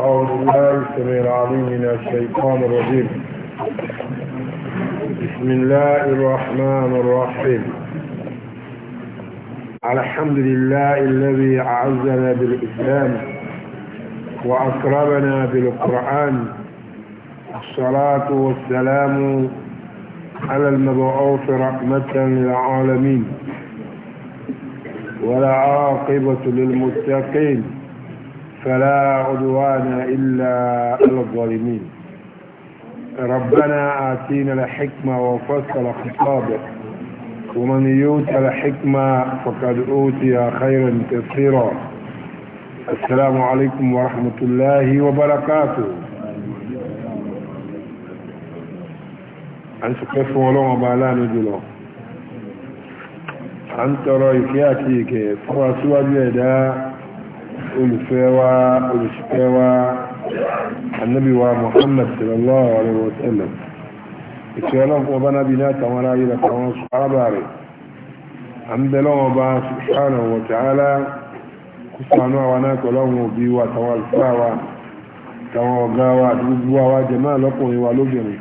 أعوذ بالله السميع العليم من الشيطان الرجيم بسم الله الرحمن الرحيم الحمد لله الذي أعزنا بالإسلام وأكرمنا بالقرآن الصلاة والسلام على المبعوث رحمة للعالمين ولا عاقبة للمتقين فلا عدوان إلا على الظالمين ربنا آتينا الحكمة وفصل خطابه ومن يوت الحكمة فقد أوتي خيرا كثيرا السلام عليكم ورحمة الله وبركاته أنت كيف ولو مبالا نجلو أنت رأيك يا كيك فرسوا بيدا olùfẹ́ wa olùṣìkẹ́ wa annabi wa muhammad sallallahu alaihi wa sallam ìṣẹ́ ọlọ́pọ̀ ọba nábi látàwọn aráyé látàwọn sọ́ábà rẹ̀ à ń bẹ̀lọ́ ọba subhanahu wa ta'ala kó sànú àwa náà tọ́lọ́wọ́n òbí wa tàwọn àlùfáà wa tàwọn ọ̀gá wa àti gbogbo àwa jẹ̀máà lọ́kùnrin wa lóbìnrin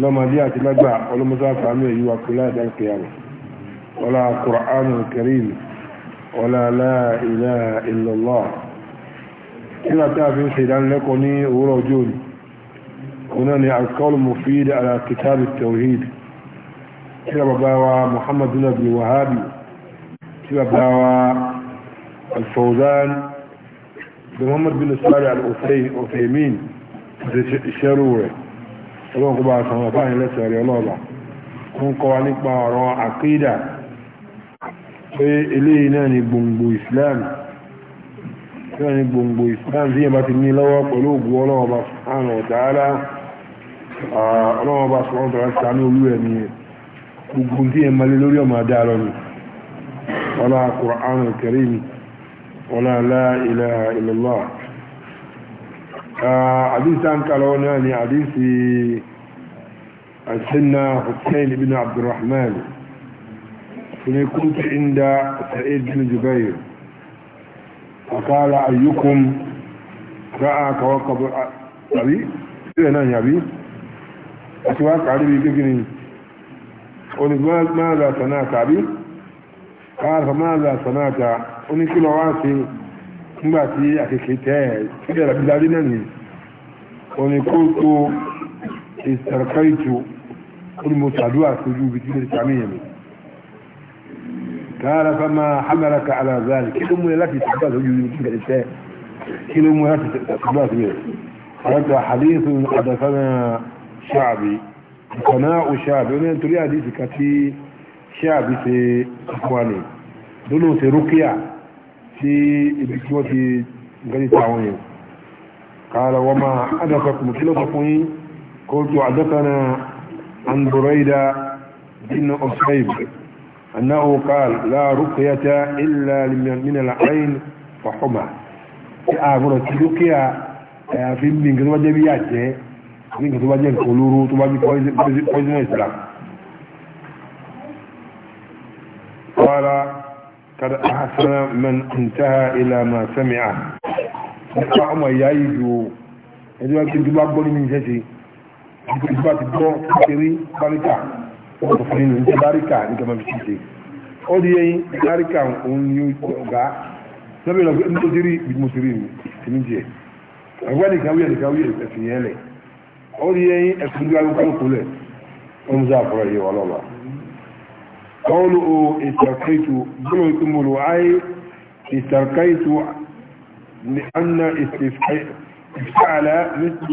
lọ́mọdé àti lágbà ọlọ́mọdé àfààní èyí wa kò láì dáńkẹ́ yàrá ولا لا إله إلا الله إلا تعرفين سيدان لكني ورجول هنا القول مفيد على كتاب التوحيد كتاب باوا محمد بن أبي وهابي كتاب باوا الفوزان محمد بن صالح الأثيمين الشروع الله قبعة صلى الله عليه وسلم الله الله هم قوانيك ما عقيدة pé eléyìí náà ni gbòǹgbò islam náà ni gbòǹgbò islam tí yẹn bá ti ní lọ́wọ́ pẹ̀lú ògùn ọlọ́wọ́ bá sùnánà ọ̀tàálá ọlọ́wọ́ bá sùnánà ọ̀tàálá sàánú olú ẹ̀ ni gbogbo tí yẹn malé lórí ọmọ adá lọ ni ọlá Qur'an al ọlá la ilaha illallah àdísá ń náà ni àdísí àṣínà Hussein ibn Abdurrahman إني كنت عند سعيد بن جبير فقال أيكم رأى كوكب أبي هنا يا أبي أتواقع لي بجني قل ماذا صنعت أبي قال فماذا صنعت أني كل واسي نباتي أكيكيتي كده بلادي نني أني كنت استرقيت كل متعدوات وجوب جنة تعميمي قال فما حملك على ذلك كل أمي التي تقبل وجودك الإنسان كل أمي التي تقبل وجودك حديث حدثنا شعبي قناع شعبي وانا انتو ليه حديث كتي شعبي في اخواني دولو في رقية في ابتوة في غني تعوين قال وما حدثكم كلا تقوين قلت حدثنا عن بريدة بن أصيب أنه قال لا رقية إلا من العين فحمى أقول تلقيا في من قد وجه بياته من قد وجه القلور تبابي قوزن الإسلام قال قد أحسن من انتهى إلى ما سمعه فأما يأيجو إذا كنت بابني من جسي كنت بابني من جسي wọ́n tó fún ní báríkà ní kẹmọ́ fi ṣe ó di yẹn báríkà òun ní ọ̀gá lọ́bẹ̀ lọ́gbẹ́ ní tó ti rí ibi mo ti rí ní díẹ̀ ọgbẹ́ nìkan wíyẹn nìkan wíyẹn ẹ̀sìn yẹn lẹ̀ ó di yẹn ẹ̀sìn ní agbègbè kálukú lẹ̀ ó ń sáà fọ́rọ̀ yìí wọ́n lọ́ba. kọ́ọ̀lù o ìtàkàìtù gbọ́dọ̀ ìtumọ̀lù ayé ìtàkàìtù ní anna ìfàlà mẹ́sì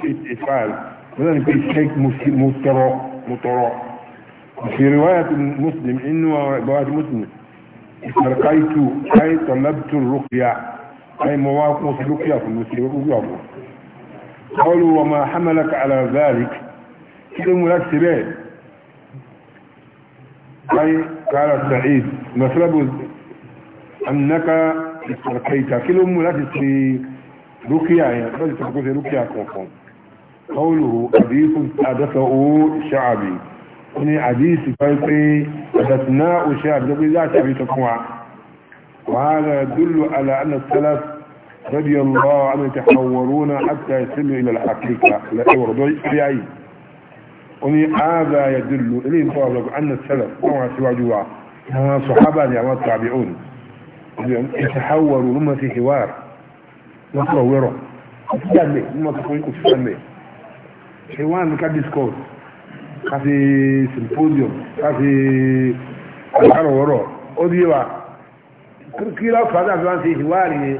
ní pé ìtàkì في رواية مسلم إن رواية مسلم استرقيت أي طلبت الرقية أي مواقف الرقية في المسلم قالوا وما حملك على ذلك كل لك سبيل أي قال سعيد مسلب أنك استرقيت كل لك في رقية يعني رقية قوله حديث حدثه شعبي ní hadisi kan pé ọ̀dọ̀tún usha ó ṣe àdúgbò láti àbí tuntun wa yadullu ala sálàf rẹ́bí ọlọ́ àmì tàhàwọ̀rọ̀ náà àti àìsílù tahawwaruna lẹ́wọ̀rọ̀dọ́ ìrí ayé ila ààbà yà dúlù ilé la àmì sálàf wọ́n wá síwájú wa àwọn sọ̀hábà ni àwọn tàbí salaf wa ìtàhàwọ̀rọ̀ ló mọ̀ sí hiwar wọ́n sọ̀rọ̀ wẹ́rọ̀ àti jáde ló mọ̀ sí fún ìkùsùn kasi symposium kasi alárọ̀wọ́rọ̀ o di wa kí lọ fàájá fi wọ́n ṣe ìwárí ni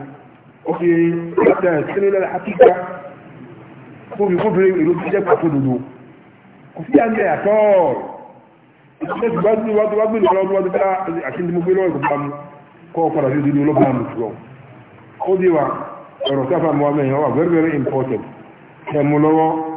ó fi ṣe sílẹ̀ lẹ́la àkíkà kó fi kó fi ìlú tó jẹ́ pàtó dodo kò sí àmì àtọ́ ìṣẹ́ ti bá gbé wá tó wá gbé lọ́wọ́ wá tó bá àti ní mo gbé lọ́wọ́ ìgbà mu kọ́ ọ padà sí dodo lọ́gbà mu jùlọ ó di wa ọ̀rọ̀ sáfà mọ́ àmì ẹ̀yàn wà very very important ẹ̀ mú lọ́wọ́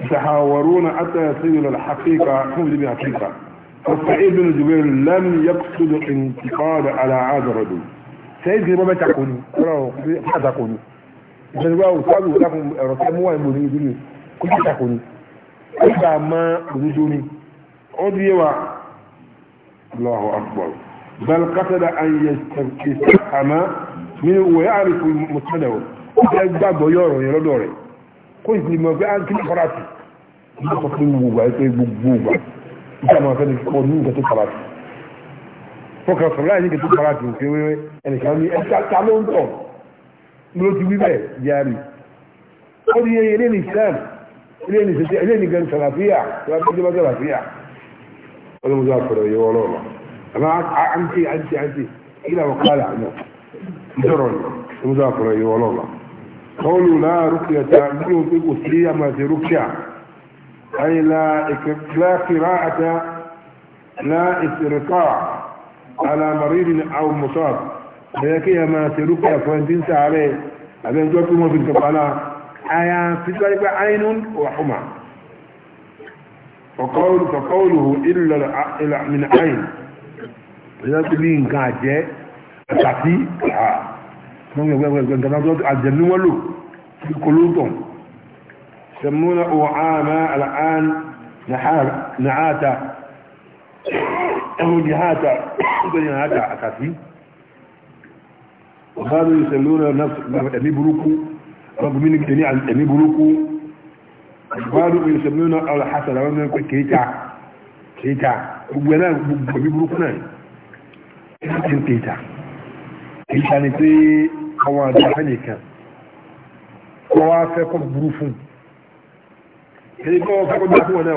يتحاورون حتى يصلوا للحقيقة هم بالحقيقة فسعيد بن جبير لم يقصد الانتقاد على هذا الرجل سعيد بن بابا تكوني ما تكوني ìṣẹ́ni wá òṣàlù lápò ẹ̀rọ tẹ́ mú wà ìmọ̀ òdòdó ni kó sì tako ni nígbà má òdòdó ni ó di yẹwà Allahu akbar bal kásádà ayé ìṣàkàmá nínú ìwé àrífù mùsàdà ó ti gbàgbọ́ yọ̀rọ̀ yẹn lọ́dọ̀ rẹ̀ kó ìsìn mọ̀ pé áńkì farati ní ọ̀sán pé gbogbo àyè pé gbogbo ògbà níta máa fẹ́ ni kọ́ ní nǹkan tó farati fọkàn sọ̀rọ̀ láì ní nǹkan tó farati nǹkan wẹ́wẹ́ ẹnìkan ní ẹ̀ka ta ló ń tọ̀ ló ti wí bẹ́ẹ̀ yáàrí ó di yẹn ilé ní Islam ilé ní sèse ilé ní gan sàlàfíà ìjọba sàlàfíà ọlọ́mọdé àfọ̀rọ̀ yẹ wọ́n lọ́wọ́ àmọ́ àǹtí àǹtí àǹtí ìlànà kọ́ àlà àná ìjọrọ̀ ọlọ́mọdé àfọ̀rọ̀ yẹ wọ́n lọ́wọ́ قولوا لا رقية منهم في قسلية ما في رقية أي لا لا قراءة لا استرقاع على مريض أو مصاب لكن ما في رقية فانتنسى عليه أبين جوكم في الكفالة آية في ذلك عين وحمى فقول فقوله إلا من عين إذا تبين كاجة تأتي gbẹ̀gbẹ̀gbẹ̀gbẹ̀ àjẹ̀lú wọn lò sí kolóńtọ̀n sẹ̀múnà ọ̀hánà àlàán nàáta ẹ̀hùn jihata nítorí nàáta àkàtí ọ̀hánà ìṣẹ̀lúnà ẹ̀mí burúkú ọgbọ̀mí ní kìí ẹ̀mí burúkú ọ̀hánà ìṣẹ̀lúnà alhassan àwọn mẹ́rin pé kéta kéta gbogbo ẹ̀nà gbogbo ẹ̀mí burúkú náà kéta kéta ni pé àwọn àjọpẹ́ nìkan wọ́n wá fẹ́ kọ́ burú fún ẹni kọ́ fẹ́ kọ́ dá fún wọn náà o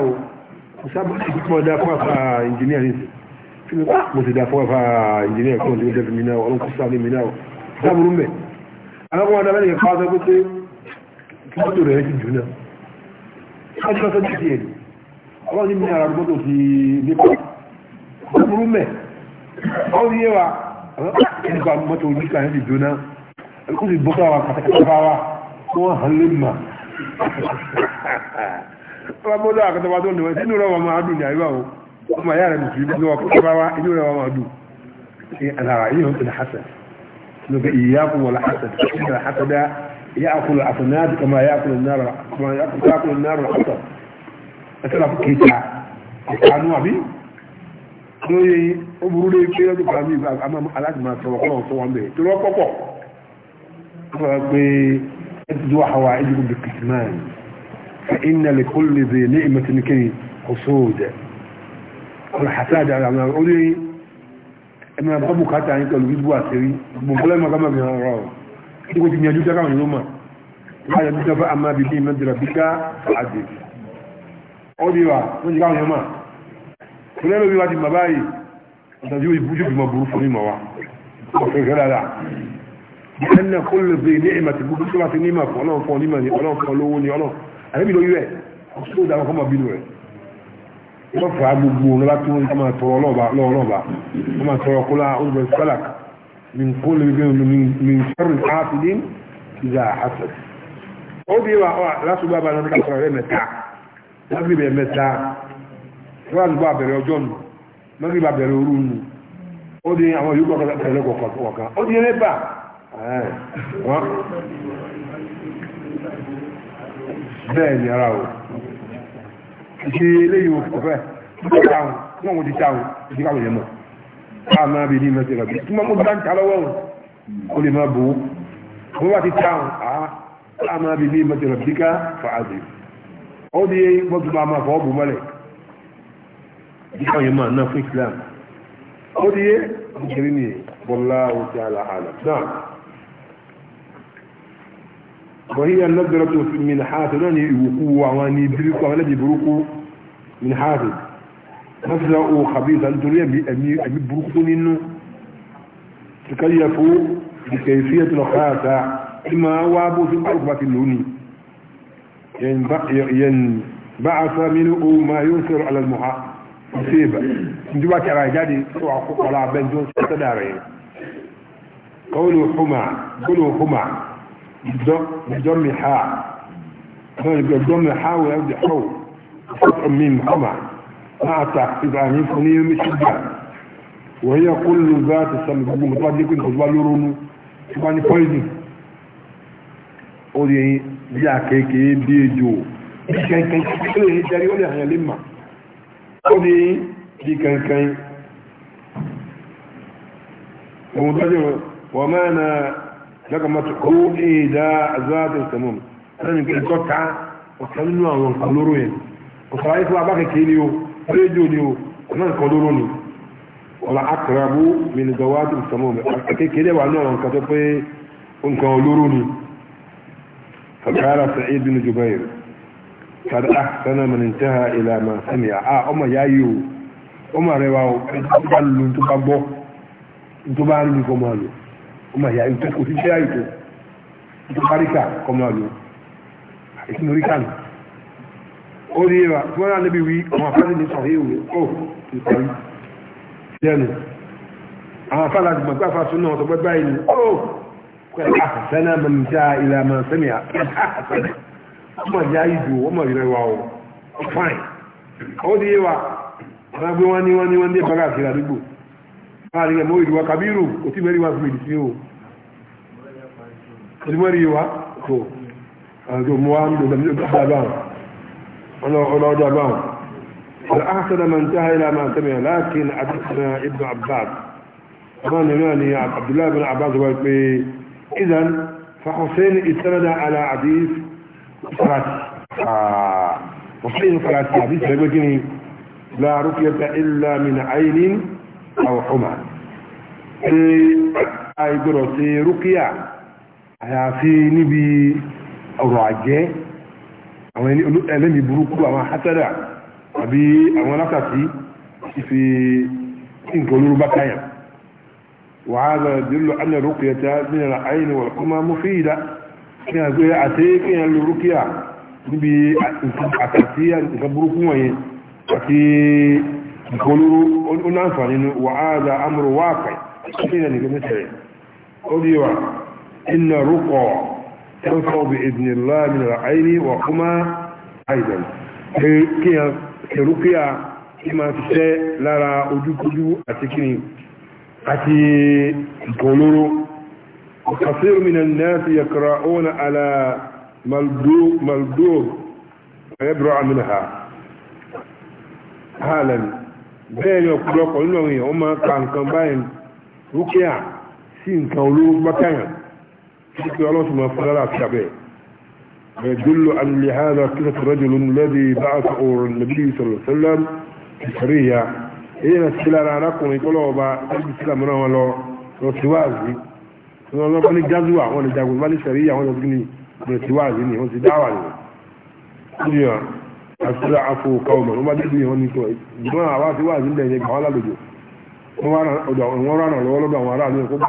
kò sábà ní kí wọ́n dá fún àfà ìjìnìyà ní ìsìn mo ti dá fún àfà ìjìnìyà kọ́ ní ọjọ́ mi náà ọlọ́kùn sáà ní mi náà dábùrú mẹ́ aláwọ̀ wọn dábẹ́ nìkan pàṣẹ pé pé kí kó sì bọ́ sára kàtàkàtà wa kó wọ́n hàn lé mà wọ́n bọ́ sára kàtàkàtà wa tó nìwọ̀n sínú rẹ̀ wọn máa dùn ní àyíwá o wọ́n máa yára mùsùlùmí ní wọ́n kàtàkàtà wa inú rẹ̀ wọn máa dùn ṣe àlàrà yìí hàn tẹ̀lé hasan ló bẹ ìyá kún wọlé hasan ìyá hasan dá ìyá àkùnrin àfọ̀nàdì kama ìyá wọ́n pé ẹ̀dùn àwọn ìlú bí kìtìmáà فإن لكل ذي نعمة كي حسود الحساد على ما أولي ẹmọ ọgbọ́n bukata yìí pẹ̀lú gbígbó àṣírí gbogbo ẹmọ ọgbọ́n mi ọ̀rọ̀ tí kò ti yànjú dára òyìnbó mọ̀ láyé bí sọfá àmà bíbí mẹ́jọra bí ká àdè ó di wa wọ́n ti ká òyìnbó mọ̀ kò lẹ́nu bí wá ti mọ̀ báyìí ọ̀tàjú ìbújú bí mọ̀ burú fún mi mọ̀ wa ọ̀fẹ́ fẹ́ dáadáa ẹnna kóló bèrè ní ìmọ̀ tìkú tó bá ti ní ìmọ̀ fún ọlọ́run fún onímọ̀ ní ọlọ́run fún olówó ní ọlọ́run àbẹ́bí lórí rẹ̀ ọ̀ṣọ́ bínú rẹ̀ wọ́n fà gbogbo ọ̀nà máa tọrọ ọlọ́ọ̀bà wọ́n máa tọrọ ìjà àṣẹ. ó bí wa ọjọ́ nù bẹ̀rẹ̀ orú nù ó wọ́n bẹ́ẹ̀ ni ara o ṣe eléyìí ọ̀fẹ́ wọ́n mo ti ṣáwọn ìdí káwọn yẹn mọ̀ káà máa bí ní mẹ́sẹ̀ rẹ̀ tí mo bá ń ta lọ́wọ́ wọn ó lè máa bò ó wọ́n bá ti ṣáwọn káà bí ní mẹ́sẹ̀ rẹ̀ ká fà á dé ó di wọ́n tún máa máa fọ́ bò mọ́lẹ̀ ìdí káwọn yẹn fún Islam ó di yé ìṣẹ́rí ni bọ́lá ó ti àlà àlà náà وهي النظرة من حافظ يعني يوقوع واني بريكو ولدي بروكو من حافظ مفزعوا خبيثا تريد أمي أمي بروكو ننو تكيفوا بكيفية الخاصة إما وابو في أربعة اللوني ينبعث منه ما ينكر على المحا مصيبة نجوا كراجادي سوى على بنزون ستدارين قولوا حما قولوا حما ya a aaaaa ea lọ́kàn mọ́tò kó ìdá azáàtò ìsẹ̀mọ́ ẹni nǹkan ìtọ́ta ọ̀sán nínú ya nǹkan olóró yẹn ọ̀sán ayé fún abá kékeré ni o rédíò ni o ni ọ̀la akarabu mìnìgbàwátò ìsẹ̀mọ́ kékeré wà ní àwọn nǹkan tó pé ni فقال سعيد بن جبير قد أحسن من ila ma ما a آه أما يايو أما ó mà yà ìtò kò sí jẹ́ àìtò ìtò paríkà kọmọ àlò ìsinmi o nù ó rí wa tí wọ́n náà o wí ọmọ afẹ́lẹ́ ní sọ̀rọ̀ èèwé o ti parí lẹ́nu àwọn afẹ́lẹ́ àti gbọ̀ngbà fásitì náà sọ pé báyìí ni ó pé àfẹ́sẹ́nà mọ̀míjà ìlànà sẹ́mi àfẹ́sẹ́nà ó mà yà ìdò o mà yẹrẹ wa o fáìn o rí wa wọ́n gbé wọ́n ní wọ́n ní wọ́n ní bàgà àti àdúgbò láàrin ẹ̀mọ́ ìlúwa kabiru kò tí mẹ́rin wá fún ìdí sí o kò tí mẹ́rin wá kò àjò mọ́ wá nílò ọlọ́dọ̀ àbáwọn al'asada man taha ila ma sami lakin adisana ibn abbas amma ne yana ne abdullahi bin abbas wa pe idan fa hussein istanada ala hadith farati ah hussein farati hadith ne gini la ruqyata illa min àwọn ọmọ ṣe àìgbọ́dọ̀ ṣe rúkíà àyàfi níbi ọ̀rọ̀ àjẹ́ àwọn ẹlẹ́mì burúkú àwọn hátẹ́dà àbí àwọn alákàtí ìfi nǹkan olóró bá káyàn wàhálà dìlọ alẹ́ rúkíà tí a gbìyànjú àyìn wà kó máa mú fi ìdá kí a àti kí burúkú wọ̀nyẹn àti يقولون أنفر إنه أمر واقع أكيد أنك إن رقع تنفع بإذن الله من العين وهما أيضا كي رقيا كما تشاء لرا أجو كجو أتكني أتي يقولون وكثير من الناس يقرؤون على ملدوغ ملدوب ويبرع منها هالا bẹ́ẹ̀ ni ọ̀pọ̀lọpọ̀ nínú àwọn èèyàn máa ka nǹkan báyìí rúkìá sí nǹkan olówó gbákàyàn tí kí ọlọ́sùn máa fún lára àti abẹ́ يدل أن لهذا قصة رجل الذي بعث النبي صلى الله عليه وسلم في سرية إيه نسكلا لعناكم يقولوا با تلبي سلام رواه لو لو سوازي wọ́n lọ́pọ̀ ní gazuwa wọ́n lè jagun bá ní sẹ̀ríyà wọ́n lọ́pọ̀ ní tiwáàzì ní wọ́n ti dáwà ní ọdún yàn àtúlẹ̀ afọ kọ́ọ̀mọ̀ wọ́n bá dé bí wọ́n ní tó ìgbìmọ̀ àwa ti wà nílẹ̀ yẹn gbà wọ́n lálejò wọ́n rà nà lọ́wọ́ lọ́dọ̀ àwọn aráàlú ẹ̀kọ́ gbà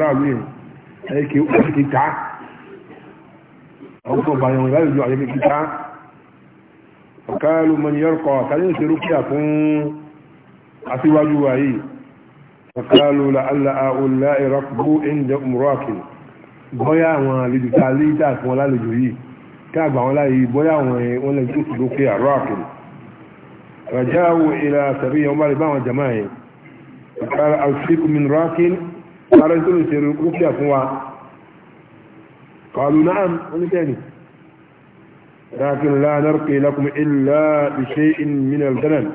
wọ́n láyè fún ọlọ́mi ọdún ọba yẹn láyé ojú ayé kíkíká ọ̀káàlù mọ̀ ní yọ́rọ̀kọ̀ tàbí ṣe rúkìá fún aṣíwájú wa yìí ọ̀káàlù la'alla àúlá ìrọ́kùbú ẹ̀ǹjẹ́ mùrọ́ọ̀kì bọ́yá àwọn àlejò tá a lé dà fún ọlálejò yìí ká àgbà wọn láyé bọ́yá àwọn wọn قالوا نعم ولتاني لكن لا نرقي لكم إلا بشيء من الدلل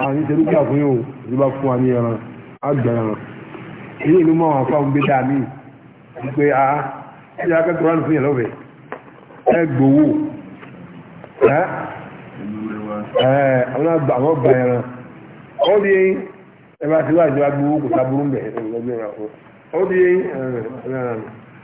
أعني تلقى فيو يبقوا عني أنا أجل إيه لما وفاهم بدعمي يقول آه إذا كان قرآن فيه لو بي أجبوه ها ẹ̀ ọ̀nà àwọn ọgbà ẹran ó di eyín ẹ̀bá ti wá ìjọba gbowó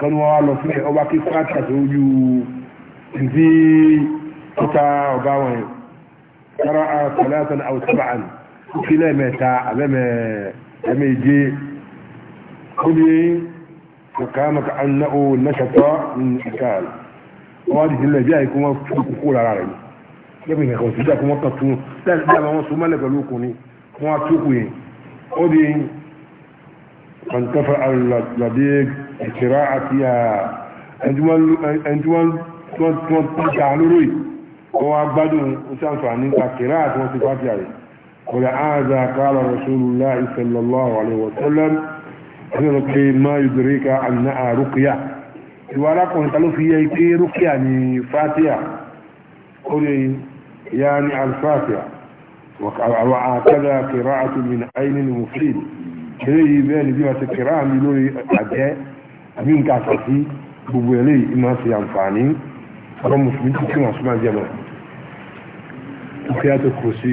kan wọ́n lọ sílẹ̀ ọba kí fáàtà tó yú ìdí ọta ọba wọn yẹn kára àtàlẹ́sàn àwòtábàán sílẹ̀ mẹ́ta àbẹ́mẹ́jẹ́ ó ní kàkàmàkà annáwó náṣàtọ́ nìkan wọ́n ti sílẹ̀ bí àìkú wọn kúkú lára rẹ̀ lẹ́gbẹ̀ẹ́ ìgbà kan sí ìjà kí wọ́n tún láti àwọn ọmọ pẹ̀lú ọkùnrin wọ́n á tókù yẹn ó ní فانتفع اللديك الشراعة فيها أنتوان تعلوري هو عبدو وسانسوا عن القراءة وصفات يعني ولعاذا قال رسول الله صلى الله عليه وسلم ما يدريك أنها رقية الورق انتلو فيها كي رقية يعني فاتحة قولي يعني الفاتحة وهكذا قراءة من عين المفيد eléyìí bẹ́ẹ̀ ni bí wọ́n ti kẹ̀rọ àmì lórí àjẹ́ àbí nǹkan àtàtì gbogbo eléyìí máa ṣe àǹfààní ọ̀rọ̀ mùsùlùmí ti kí wọ́n súnmọ́ jẹ́ mọ́ ìfẹ́ tó kò sí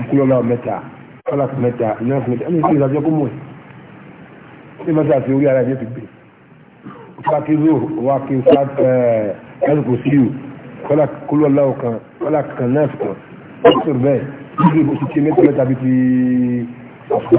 ìkúlọ́lá mẹ́ta kọ́làkù mẹ́ta ìyá mẹ́ta ẹni tí ìdájọ́ kó mọ̀ ẹ́ ní mẹ́ta àti orí ara ẹ̀jẹ̀ ti gbé fákìrò wà kí ẹni kò sí ìlú kọ́làkù kúlọ́lá ọ̀kan kọ́làkù kan náà fún ọ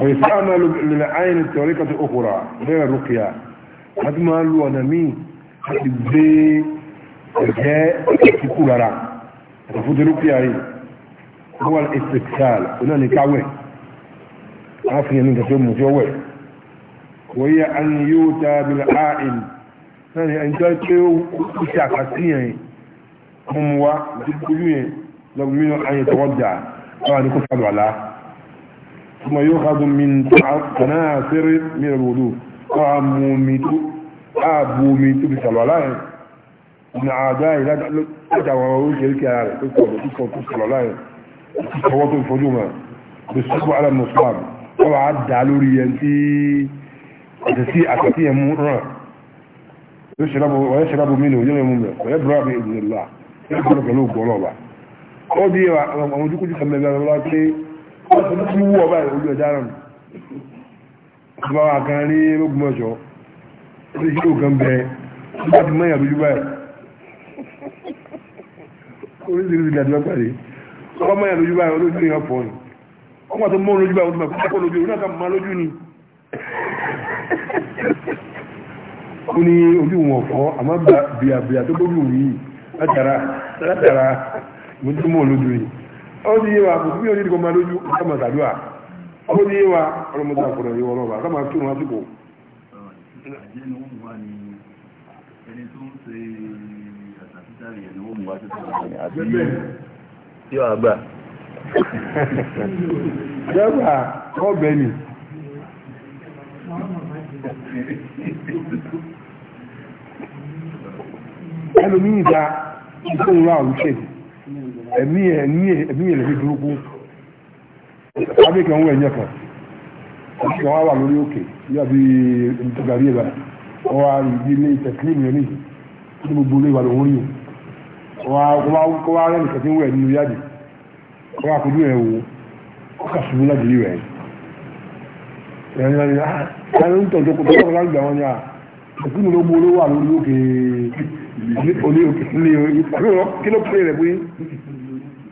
ويستعمل للعين بطريقة أخرى غير الرقية حتى ما قالوا أنا مين حتى بزي الجاء تكون رأى تفوت الرقية هو الاستفسال هنا نكعوه عافية من تسمى جوه وهي أن يوتى بالعائل يعني أن تلقوا شعفاتية هم وكيوين لو منه أن يتودع فأنا كنت على ثم يؤخذ من تناثر من الوضوء أموميتو أبوميتو بسلولاين من عاداء لا تتعوى شركة يعني تتعوى بسلولاين تتعوى الفجومة بالصبو على المصاب طبعا دعلوري ينتي تسيء أساسية مرة يشرب ويشرب منه يلي مملك ويبرأ بإذن الله يبرأ بلوك ولوبة قد يوجد كل سمي الله wọ́n wú ọba ìwòlú ọjà rẹ̀ ọba wa kan rí rógún ọ̀ṣọ́ ó sì ṣílò kan bẹ nígbà tí mọ́yà lójú báyìí oríṣiríṣi ìgbà tí wọ́n pàdé ọba mọ́yà lójú báyìí olóṣèlú yẹn pọ̀ ni ọmọ tó mọ́ lójú báyìí olóṣèlú Ọ dị yíwa mùsùlùmí ojú ìdíkọ̀ máa lójú ọmọ ìdàdúwà ó ní yíwa ọlọ́mọdé àkùrọ̀ yíwọ ọlọ́ba ká máa kírun lásìkò. yóò ọbẹ̀ ni. ẹlòmíyìn ẹ̀mí ẹ̀ ẹ̀mí ẹ̀ lẹ́fí burúkú abẹ́kẹ̀ ń wọ ẹ̀yẹ kan àti kan wá wà lórí òkè yàbí ìtọ́gàrí ẹ̀ báyìí wọ́n wá ibi ilé ìtẹ̀kílìmù yẹn nìyí ní gbogbo ilé ìwà lòun rí o wọ́n wá rẹ́ nìkan tí ń wọ ẹ̀ nínú yáàdì wọ́n wá kojú ẹ̀ wò ó kà ṣubú láti rí rẹ̀ ẹ̀yìn ẹ̀yìn ẹ̀yìn ń tọ̀jọ́ kó tó kọ́ láti gbà wọ́n ní à ìpínlẹ̀ ológun olówó wà lórí òkè ilé òkè ilé òkè kí ló pè rẹ̀ pé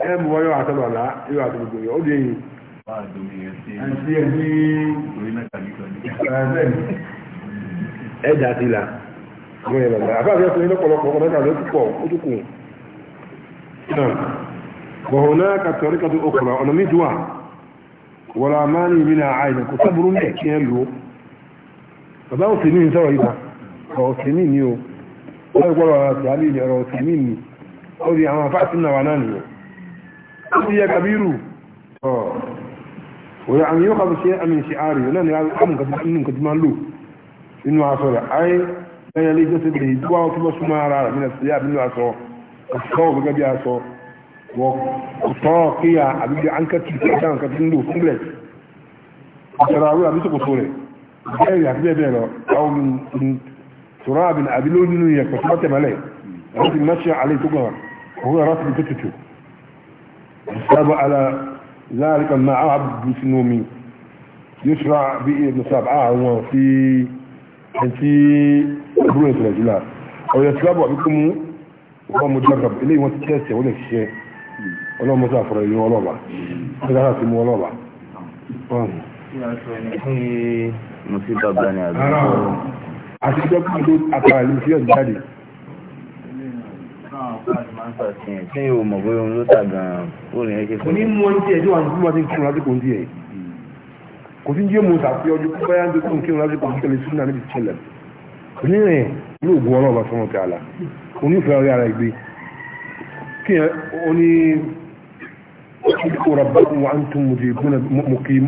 ẹ mú wọn yóò àtọ́lọ̀ ọ̀la yóò àtọ́lọ̀ gbòòrò ó dé yìí. àti ẹni ẹja ti la àwọn èèyàn bàbá àbáwọ̀ yẹn fún yín lọ́pọ̀lọpọ̀ ọkọ̀ mẹ́ta ló púpọ̀ ó tún kù. bọ̀hùn náà ka tọ́rí ka tó okùnà ọ̀nà mi dùn à wọ́n o ya kabiru wani an yau kafa sai amin shi'ari yana ne ya amin ka tunanin ka tunanin inu aso da ai dan ya lege sai da yi duwa wata masu mara da mina siya abin da aso ka kawo ga gabi aso wa kusa kiya abin da an ka tuta kan ka tunanin kungres a sararu abin ta kuso ne bayan ya fi bebe na kawun turabin abin ya kasu mata malai rasu mashi alai tukawar ko rasu tututu يصاب على ذلك المعاب بسنومي يشرع به ابن سبعة في في برونة الرجلاء أو يسلب بكم وهو مجرب إليه وتتاسع ولا شيء ولا مسافر ولا الله هذا راسم ولا الله مصيبة بني آدم àti ìjọba àti àkàrà ìlú fíọ́sì jáde tí o mọ̀ bóyá ohun ló tà gan-an ó lè ṣe fún mi. onímọ̀ ní tiẹ̀ tí wọ́n ti máa ti kírun lásìkò ní tiẹ̀ kò sí jẹ́ mo tàbí ọjọ́ pípẹ́ yá ń tó kírun lásìkò ní tẹ̀lé sínú àníbi tẹ̀lẹ̀ onírìn yóò gun ọlọ́run bá sọ́nà tààlà onífẹ́ orí ara ìgbé kí ẹ oní ìkó rabba wa ń tún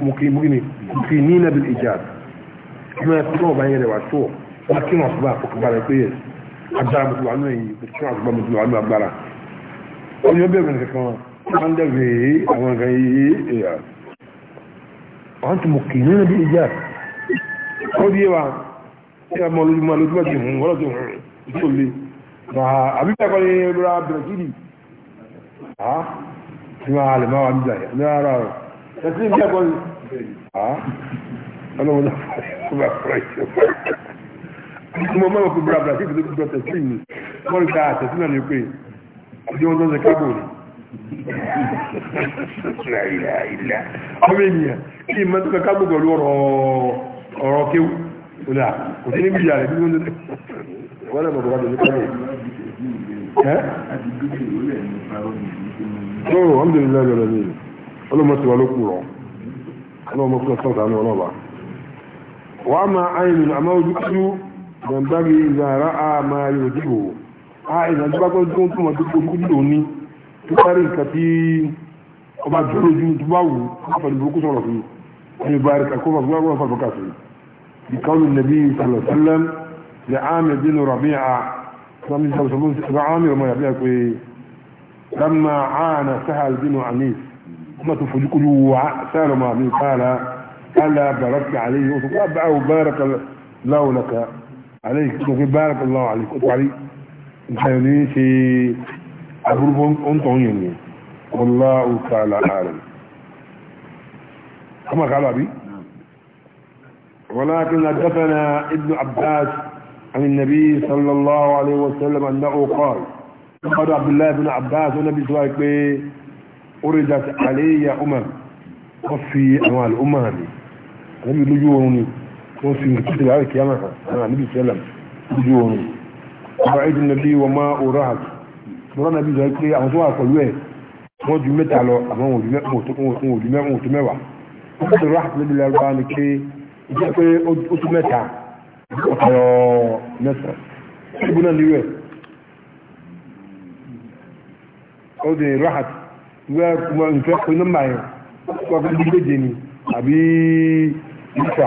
mùkì ní nàbìl ìjà ọmọ ẹ̀kọ́ náà bá yẹn rẹ̀ wá tó ọ wọ́n kí wọ́n bá àkókò agbára mo ti wà nínú ẹ̀yìn pẹ̀lú àgbà mo ti wà nínú agbára ọyọ bẹ̀rẹ̀ kankan máa ń dẹ̀bẹ̀ àwọn nǹkan yìí èèyàn wọ́n ti mọ̀ kì í nínú bí ìjà ó di wa ṣé a mọ lójúmọ́ lójúmọ́ ti hùn wọ́n ti hùn tó le àbí bẹ́ẹ̀ kọ́ ni ra bẹ̀rẹ̀ ha ti máa lè máa wà níjà yẹn ní ara rẹ̀ ẹ̀sìn bẹ́ẹ̀ kọ́ ni ha ọlọ́mọdé fún mi fún mo mọ̀ pé brabra sí ìfẹ́ tó tẹ̀sí mi wọ́n rí ká àtẹ̀sí ah, náà ní pé ọdún wọn tó ń ṣe kábò ni. ọmọ ènìyàn kí n máa tó ka kábò pẹ̀lú ọ̀rọ̀ kéwù ọ̀dà kò sí níbi ìyá rẹ̀ bí wọ́n tó tẹ̀. wọ́n náà mọ̀ bàbá ní kábò. lọ́rọ̀ ọmọdé ní lọ́rọ̀ lọ́rọ̀ ní ọlọ́mọ tí wọ́n ló kù rọ̀ ọlọ́mọ fún ọ̀sán gbọ̀ngbàgbé ìzàrá àmà yòjìbò a ìzàjúbákọ́ tó ń túnmọ̀ tó kókó lò ní tó sáré nǹkan tí ọba dúró ju tó bá wù láfàdì burúkú sọ̀rọ̀ fún ẹni bá rí kakó fàgbà wọn fà bọ́kà sí ìkọlù nàbí sàlọ̀sálẹ́m lè àmì bínú rabi a sami sàlọ̀sálẹ́m sí ọba àmì ọmọ yàbí àpé lamma àna sahal bínú anis kuma tó fojú kúlù wà sàlọ̀ mọ̀ àmì kàlà kàlà bàrà kàlẹ́ yìí wọ́n sọ wà bá àwọn bàrà kàlà láwùlọ́kà عليك وفي بارك الله عليك قلت عليك الحيوانين في أبربهم أنتم والله تعالى أعلم كما قال أبي ولكن أدفنا ابن عباس عن النبي صلى الله عليه وسلم أنه قال قال عبد الله بن عباس ونبي صلى الله عليه وسلم أردت علي أمم وفي أموال أمامي لم يلجوني wọ́n fi kúrò láàrín kìyàmà hàn náà níbi sẹ́lẹ̀m ojú oòrùn ọba ẹ̀dùn nàbí wọn máa oró hàn mọ́ra nàbí sọ pé àwọn tó wà pẹ̀lú ẹ̀ wọ́n ju mẹ́ta lọ àmọ́ wọn ò ju mẹ́wàá wọ́n fi rà níbi lárúbá ni pé ìjẹ́ pé ó tún mẹ́ta ọ̀tọ̀ mẹ́sàn-án ṣíbù náà níwẹ̀ ó di rahat ìwé ẹ̀kọ́ nǹkan pé nọ́mbà yẹn wọ́n fi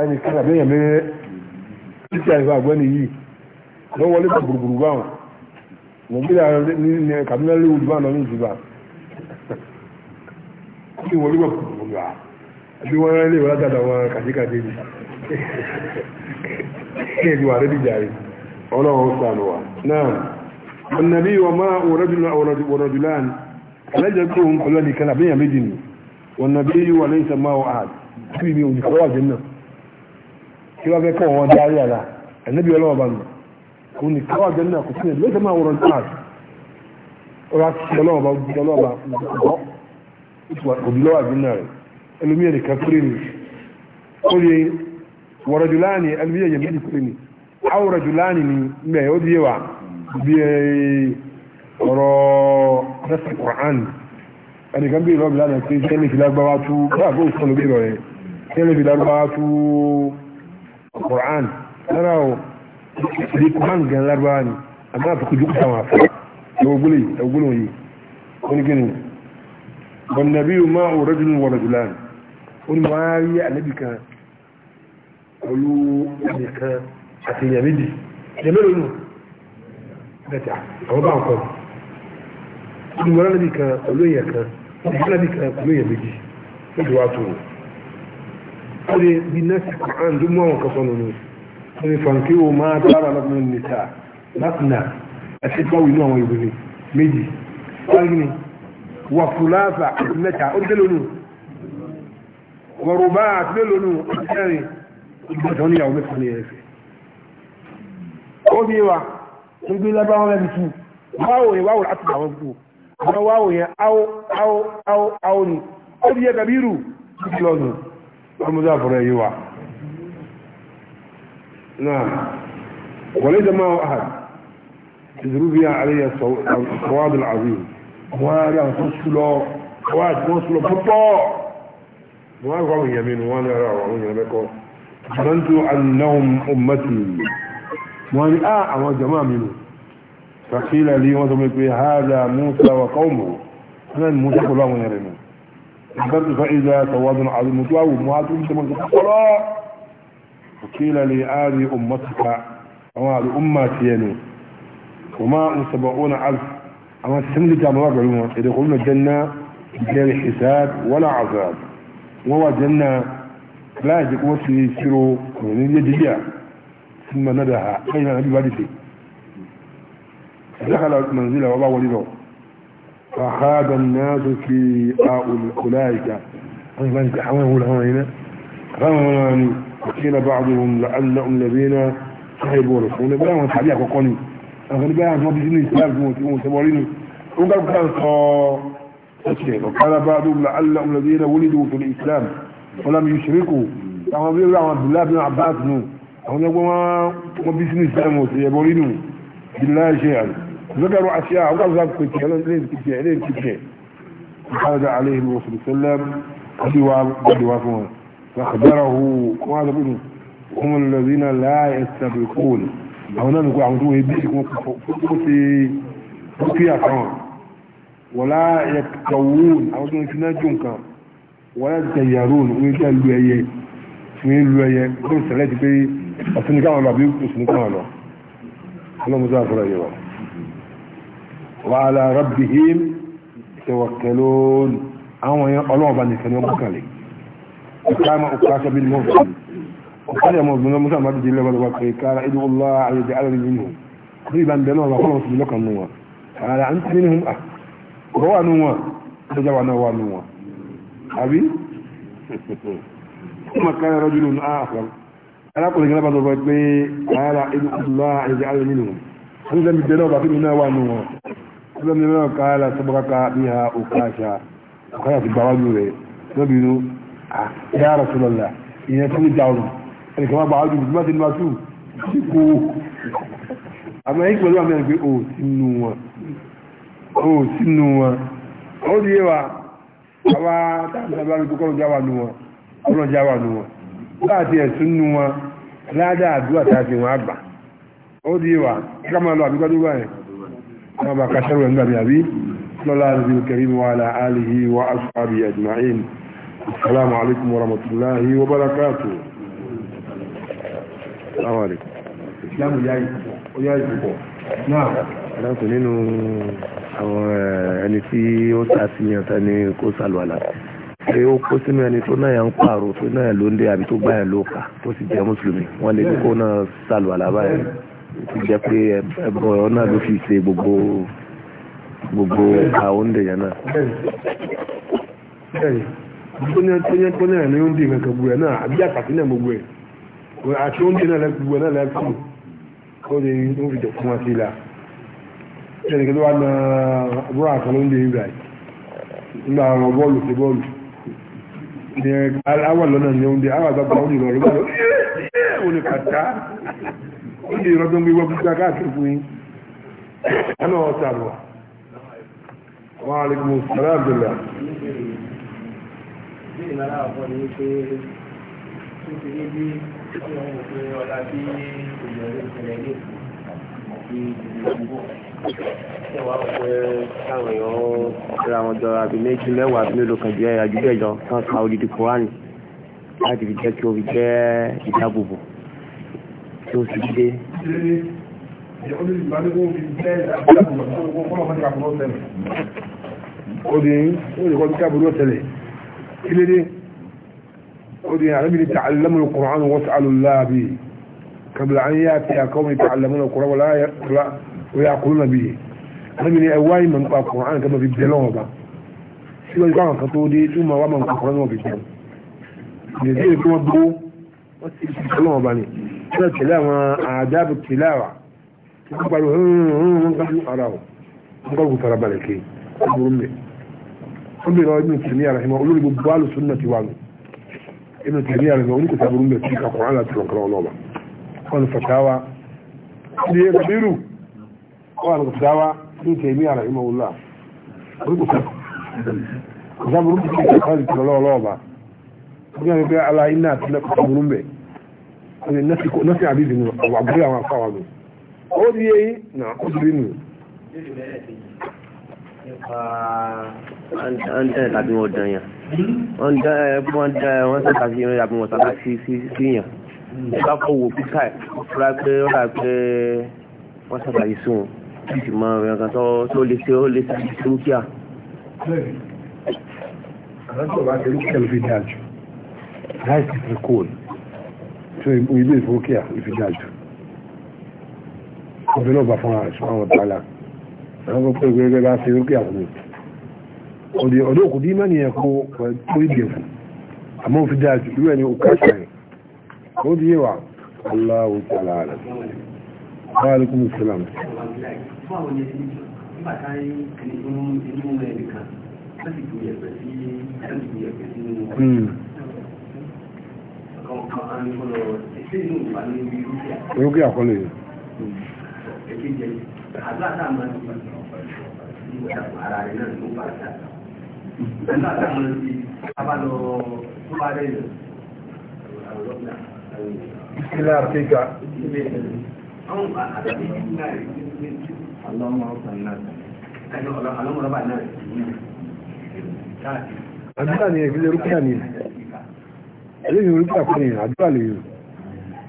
ẹni kan àbí èèyàn mẹ́rẹ́ títí àìsàn àgbẹ́ni yìí ló wọlé bá gbùrùgbùrù bá wọn wọn bí lára ní kàmínà léwu jù bá wọn ní ìjìbá kí wọlé bá gbùrùgbùrù bá àbí wọn rẹ lè wọlé dada wọn kàdíkàdé ni kí èdè wà rẹ́bí jàre ọlọ́run sànù wa náà annabi wa ma wọ̀rọ̀dùlá wọ̀rọ̀dùlá alájẹ́ kó ń kọlọ́ nìkan àbí èèyàn méjì ni wọn nàbí yìí wà lẹ́yìn sàmáwọ̀ àd kí ni òǹkọ̀rọ̀ àjẹ́ náà tí wọ́n fẹ́ kọ́ wọn dárí àlà ẹ̀nẹ́bí ọlọ́wọ́ bá nù kò ní káwọ́ àjọ náà kò sílẹ̀ lóṣèlú máa wọ̀rọ̀ náà ọ̀rọ̀ àti ọlọ́wọ́ bá ọlọ́wọ́ bá gbọ́ òbí lọ́wọ́ àjọ náà rẹ̀ ẹlòmíyẹ nìkan kúrè ní ó lè wọ̀rọ̀ jù láàní ẹlòmíyẹ yẹn méjì kúrè ní àwòrán jù láàní ni mẹ́ ó di wa bí ọ̀rọ̀ rẹ́sẹ̀ Qur'an ẹnìkan bí ìlọ́ọ̀bì lánàá pé kẹ́lẹ́ fi lágbára tú báàbò ìsọ̀lù bí ìlọ̀ yẹn kẹ́lẹ́ fi lágbára tú Quran lára o ìdí Quran gan lárúbáwá ni àmì àtòkù jókòó táwọn afọ ẹwọgbólè ẹwọgbólè yìí wọn ni gẹ́ni wọn nàbí o máa wọ rẹ́dùn wọ rẹ́dùn láàrin wọn ni wọ́n á rí ànábì kan pẹ̀lú àmì kan àti ni wọ́n á nàbì kan pẹ̀lú èèyàn kan wọ́n á nàbì kan pẹ̀lú èèyàn méjì wọ́n ti wá tó wọn kare bi na Qur'an duk ma wanka sono ne ne fanki o ma tara na min nisa nasna a ce ba wino wa yubi méjì algini wa fulasa mẹ́ta o de lonu wa ruba de lonu ari o de ni ya o me fani ese o bi wa n gbe laba wọn lẹbi tu báwo yẹn báwo láti àwọn gbogbo àwọn báwo yẹn awo awo awo awo ni ó di yẹ kabiru lọ́nà المضاف إليه نعم وليس معه أحد تدربها عليه الصواد العظيم وانا فصله واد فصله بطا ما قالوا يمين وانا راوا وانا بكو ظننت انهم امتي وانا اه اما جماعه منه فقيل لي وضمك هذا موسى وقومه انا موسى كلهم يرمي نظرت فإذا سواد عظيم متواو معاتم كما قال وقيل لي هذه أمتك أما هذه أمتي يعني وما سبعون ألف أما تسمي كما إذا قلنا جنة بغير حساب ولا عذاب وهو جنة لا يجب وصل يسيروا من يجيها ثم ندها أين نبي والدي دخل منزله وضع ولده فخاب الناس في أولئك حواه الهوين غمراني وقيل بعضهم لأنهم الذين صحبوا رسولنا بلا ما تحديك وقوني أغني بلا ما بيجيني سلاب وتبوريني وقال كان صار وقال بعضهم لعلهم الذين ولدوا في الإسلام ولم يشركوا أما بيقول عبد الله بن عباس نو أغني ما بيجيني سلاب وتبوريني بالله شيئا ذكروا أشياء وقال ذلك كتير لين كتير لين كتير خرج عليه الرسول صلى الله عليه وسلم قدوافهم فأخبره ماذا بيقولوا هم الذين لا يستبقون هنا نقول عمدوه يبيكم فقوتي فقيا كمان ولا يكتوون عمدوه يتناجون كمان ولا يتيارون ويجعلوا أيه ويجعلوا أيه كل سلاة بي أسنكان الله بيكم أسنكان الله اللهم زافر أيه وعلى ربهم يتوكلون أو يقولون بأن كانوا مكالي وقام أقاس بالمرسل وقال يا مؤمن موسى ما بدي الله بالوقت قال ادعوا الله أن يجعلني منهم قريبا بينهم وقالوا بسم الله النوى قال أنت منهم أه هو نوى تجوى نوى نوى أبي ثم كان رجل آخر أنا أقول لك بعض الوقت قال ادعوا الله أن يجعلني منهم هذا من الدلالة بقينا نوى نوى lọ́nà mìíràn káàlà sọ́bọ́káká ní ha òkáṣà ọ̀káyà ti gbà wájú rẹ̀ lọ́bí inú ya Rasulullah ìyẹn tó ní dáwọn ẹni kẹwàá gbà wájú bí mọ́tí níwájú sí kó àmọ́ yìí pẹ̀lú àmì ẹgbẹ́ òsínú wọn òsínú wọn ó di yẹwà àwa táàbí àbí kọ́kọ́rọ̀ jáwà nù wọn ọlọ́ jáwà nù wọn láti ẹ̀sùn nù wọn ládàá وما كسر النبي أبي صلى الله عليه الكريم وعلى آله وأصحابه أجمعين السلام عليكم ورحمة الله وبركاته السلام عليكم الإسلام جاي وجاي نعم láti nínú àwọn eh, ẹni tí ó ṣàfihàn tani kó sàlùwàlà pé ó kó sínú ẹni tó náà yà ń pààrọ̀ tó náà ló ń dé àbí tó gbáyà ló tó sì jẹ́ mùsùlùmí wọ́n lè kó náà sàlùwàlà báyìí jẹ́ pé ẹbọ náà ló fi ṣe gbogbo gbogbo àwọn oúnjẹ yẹn náà. bẹ́ẹ̀ni bẹ́ẹ̀ni tó ní ẹni oúnjẹ kankan gbogbo ẹ náà àbí àtàkì náà gbogbo ẹ àti oúnjẹ náà gbogbo ẹ náà lẹ́kùn ó lè ń fi jọ̀kún wá sí ilà ẹnì kan tó wá na àbúrò àkànló oúnjẹ yìí rà nígbà àwọn bọ́ọ̀lù sí bọ́ọ̀lù ní àwọn lọ́nà ní oúnjẹ àwọn àgbàgbà oúnjẹ lọ́rọ̀ bá lọ ó lè rọ́jọ́ ń gbé wọ́n gbígbá káàkiri fún yín ẹnà ọ̀sà lọ wọn àlekún sàrà àbẹ̀là. bí ìlànà àkọ́ ni pé tó ti ní bí ọ̀sán òfin ọ̀la bí ìyọ̀rí ìṣẹ̀lẹ̀ ní èkó àti ìdìbò ẹwà ọ̀pẹ káwọn èèyàn ọ̀pẹ̀ra wọn jọ àbí méjì mẹ́wàá àbí mélòó kan jẹ́ àjùbẹ́jọ kan ka odidi kùránì láti fi jẹ́ kí o fi jẹ́ ìdáàbòbò tí ó ti dé. obìnrin ó lè kọ́ bí káàbù ló tẹ̀lé kí lédè obìnrin àrẹ́bí ni tààlámù kùránù wọ́n sàálù láàbí kàbìlà an yá ti àkọ́wọ́ ni tààlámù kùránù wọ́n yá kúrò nàbí àrẹ́bí ni ẹwà ìmọ̀ nípa kùránù kàbà fi ba síwájú káwọn kan tó dé tí wọ́n máa wá mọ̀ nípa kùránù wọn fi bẹ̀rẹ̀ ìdèdè tí wọ́n dúró wọ́n ti fi bẹ̀rẹ̀ ba ni náà tẹ̀lé àwọn àdábù tìláwà tí wọ́n parí wọ́n kájú ara ọ̀ wọ́n kájú fara balẹ̀ ké ọgbọ̀rọ̀ mẹ́ wọ́n bèèrè ọdún tìmí ara ìmọ̀ olórí gbogbo alùsùn náà ti wà nù inú tìmí ara ìmọ̀ oníkùtà burú mẹ́ tí kakọ̀ án láti rọ̀kọ̀rọ̀ ọlọ́ba wọ́n fatawa ní ẹgbẹ̀rú wọ́n nọ́ọ̀sì àbíbí nù àbúrò àwọn afáwà nù ó di eyín nà ó di nù. wọ́n dẹ́ tàbí wọ́n dán yàn wọ́n dẹ́ wọ́n dẹ́ wọ́n sọ tàbí wọ́n yàgbọ́n wọ́n tàbí sí sí sí yàn ẹ bá kọ́ wò píkà ẹ̀ fúra pé ó rà pé wọ́n sàbàyí sùn kí sì mọ ẹ̀rọ kan tó lè ṣe ó lè ṣe lókíà. àlọ́ tó bá ṣe lókíà ló fi dáa jù láì sí ti tó ilé ìfowókè ìfidájú ọdún náà bá fún ara ṣùgbọ́n àwọn tààlà àwọn ọkọ̀ ìwé ẹgbẹ́ bá ṣe rókè àwọn òdì ọdún òkú dímọ̀ ní ẹ̀kọ́ tó ìdè fún àmọ́ òfin dájú irú ẹni òkú àṣàyàn ó di yẹwà aláwọ̀ tààlà rẹ̀ báwa ló kún a ń kiri inú rẹ̀ nìkan láti gbìyànjú rúkì àkọlẹ̀ yìí Ìlà àfíkà. Àdúrà ni ẹ̀gbẹ́ rúkì àníyàn eléyìí orúkà fún èèyàn àdúrà lèyìn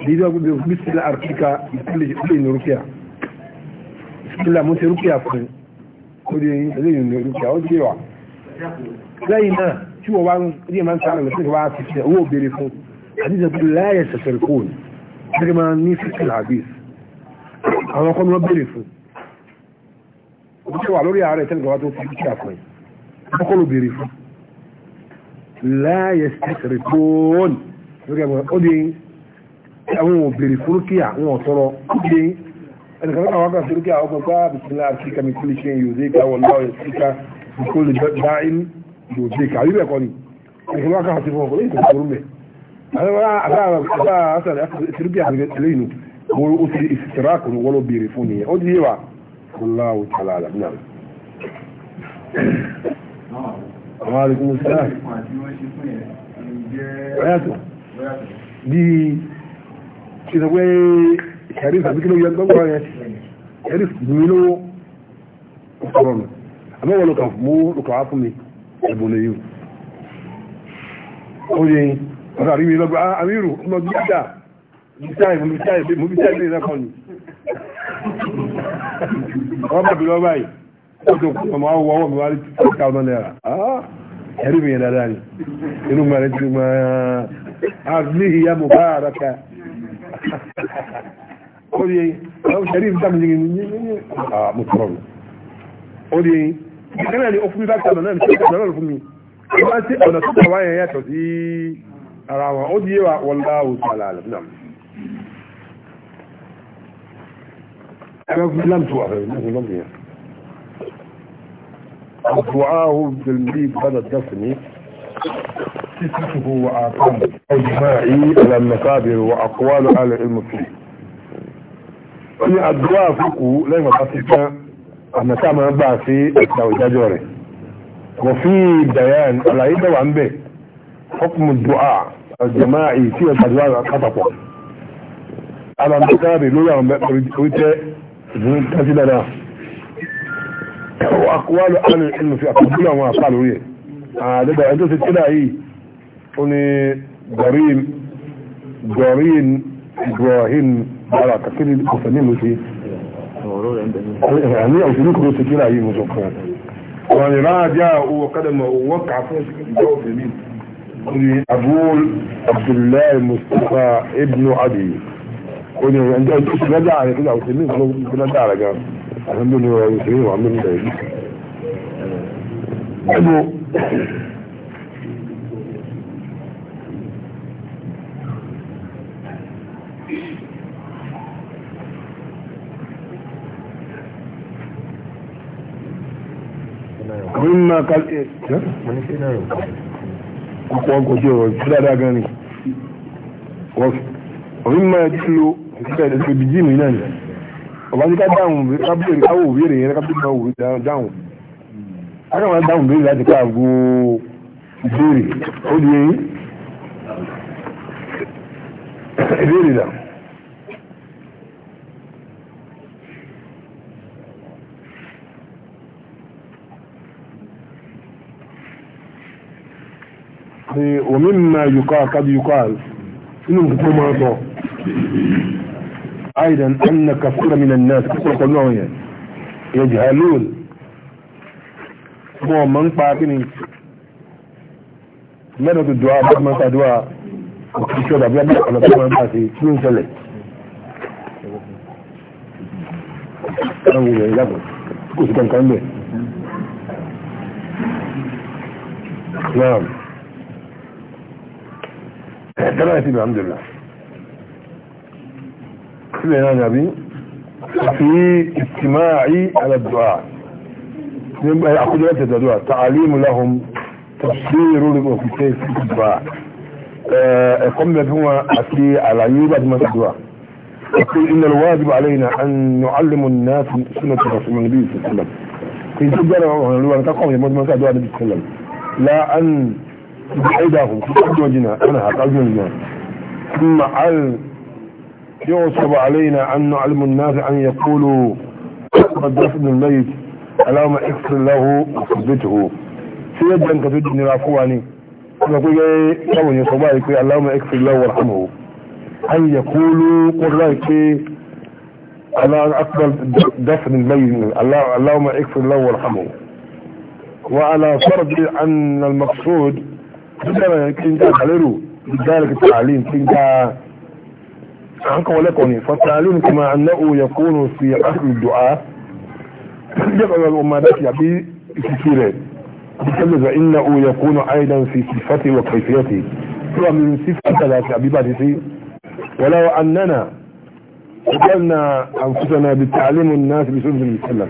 dídá gbogbo bísílá àfíríkà ìpínlẹ̀ orúkà bísílá mo ṣe orúkà fún ó di eléyìí orúkà ó di wà lẹ́yìn náà tí wọ́n wá ń rí ẹ̀ máa ń sáré lọ sí ìwà àfíṣe owó òbèrè fún àdíjà bí láyé ṣẹ̀ṣẹ̀ kóòlù gẹ́gẹ́ máa ní fífìl àbíṣ àwọn ọkọ̀ wọn bèrè fún ó wà lórí ààrẹ tẹ́lẹ̀ láàyè sẹ́kẹ̀rẹ̀ kóòn lórí ẹ̀mọ́ ó di àwọn òbèrè fúrúkìá wọn ọ̀tọ́rọ̀ ó di ẹnìkan náà wákà fúrúkìá ọkọ̀ gbá bìtìlá àfíríkà mi kúlì ṣe yóò dé ká wọn láwọn ìfíríkà ìkólè dáìm yóò dé ká yóò bẹ̀kọ́ ni ẹnìkan náà wákà fúrúkìá ọkọ̀ lẹ́yìn tó kúrú mẹ́ àwọn àgbà àgbà àṣà àwọn arìnkún sáà ọ̀yàtọ̀ bí ìṣẹ̀gbẹ́ ṣàríf àbíkí ló yẹ gbọ́gbọ́ rẹ̀ ṣàríf mi lówó nù àmọ́wọ̀ lọ́kàn mú lọ́kàn wá fún mi ẹ̀bùn lè yìí ó yẹ ọ̀rọ̀ àrí mi àmírù ọmọ bí dá bítáì mú bítáì mú bítáì mú bítáì mú bítáì mú bítáì mú bítáì ọjọ́ ọmọ awọ ọmọ wa ti fi ká ọmọ náírà ẹ̀rí mi yẹn dáadáa ni inú mi rẹ̀ ti máa ah, àbílíhi ya mo bá ara ká ó di ẹ̀rí mi sáà mi yẹn ní ah, mo sọ̀rọ̀ mi ó di ìkànnì àni ọkùnrin bá sàmì náà ní sọ́kà náà fún mi ó bá sí ọ̀nà tó kà wáyé yàtọ̀ sí ara wọn ó di yé wa wọ́n dá òtún àlàálẹ̀ náà. Ẹgbẹ́ fún Islam tó wà fẹ́ mi, ní ìlú yẹn. ودعاه بالمريض بعد الدفن سفته وآثام أجماعي على المكابر وأقوال أهل العلم فيه ní àdúrà àfikù lẹ́yìn ọ̀pá ti tán àmì tá a máa gbà sí ẹ̀ka ìdájọ́ rẹ̀ kọfí dayan àlàyé dẹ̀wà ń bẹ̀ ọkùnrin dùá àjẹmá èyí tí ẹ̀ka dùá kàtàpọ̀ alamíkàbì lórí àwọn orí tẹ́ ìdúró tẹ́sí dáadáa وأقوال أهل العلم في أقبلها وما قالوا إيه هذا أنت تلاقي أني جريم جريم إبراهيم على كثير المسلمين في يعني أو سنوك بس تلاقي مزقان وأنا راجع وقد ما وقع في جواب مين أني أقول عبد الله مصطفى ابن عدي أني عندما تلاقي على كده أو سنوك بلا دارجة alhamdulillah wa yusuf wa min da yi ẹnu mímọ kálí ọ̀pọ̀ ọkọ̀ ọ̀rọ̀ tí dáadáa gan ni wọ́n mímọ ẹ tí lo ìsúkà ìdẹ́sẹ̀ bíi jíìmù náà nìyẹn bàbá ní ká dáhùn kábíyèrè káwò òwúrè yẹn kábíyèrè náà òwúrè dáhùn akáwọn dáhùn béèrè láti ká àgbo ìbéèrè ó di eyín ìbéèrè dà. ومما يقال قد يقال إنهم كتبوا ما أيضا أن كثير من الناس كثير قلناه يجهلون هو من فاكني من الدعاء من الدعاء وكيشو دعاء بعد ما الدعاء باسي شنو سلي أقول يا لابد كوس كان كان به نعم ترى الحمد لله لنا نبي في استماع على الدعاء يأخذ لك الدعاء تعليم لهم تفسير لكم في الدعاء آه، قم هو أكي على يبعد من الدعاء يقول إن الواجب علينا أن نعلم الناس سنة رسول النبي صلى الله عليه في جدا لهم الواجب تقوم يا مدمن الدعاء النبي صلى الله لا أن تبعدهم في أدوجنا أنا هكذا من ثم علم يعصب علينا أن نعلم الناس أن يقولوا قد دفن الميت اللهم اغفر له وثبته سيدا العفواني يقول نقول إيه، يوم يصبائك اللهم اغفر له وارحمه أن يقولوا قل رأيك أنا أقبل دفن الميت اللهم اغفر له وارحمه وعلى فرض أن المقصود كنت عليه بذلك التعليم كنت عنك ولكني فالتعليم كما أنه يكون في أصل الدعاء يقول الأمادات يبي كثيرا بكل فإنه يكون أيضا في صفته وكيفيته هو من صفة لا تعبيباته ولو أننا قتلنا أنفسنا بتعليم الناس بسنة المسلم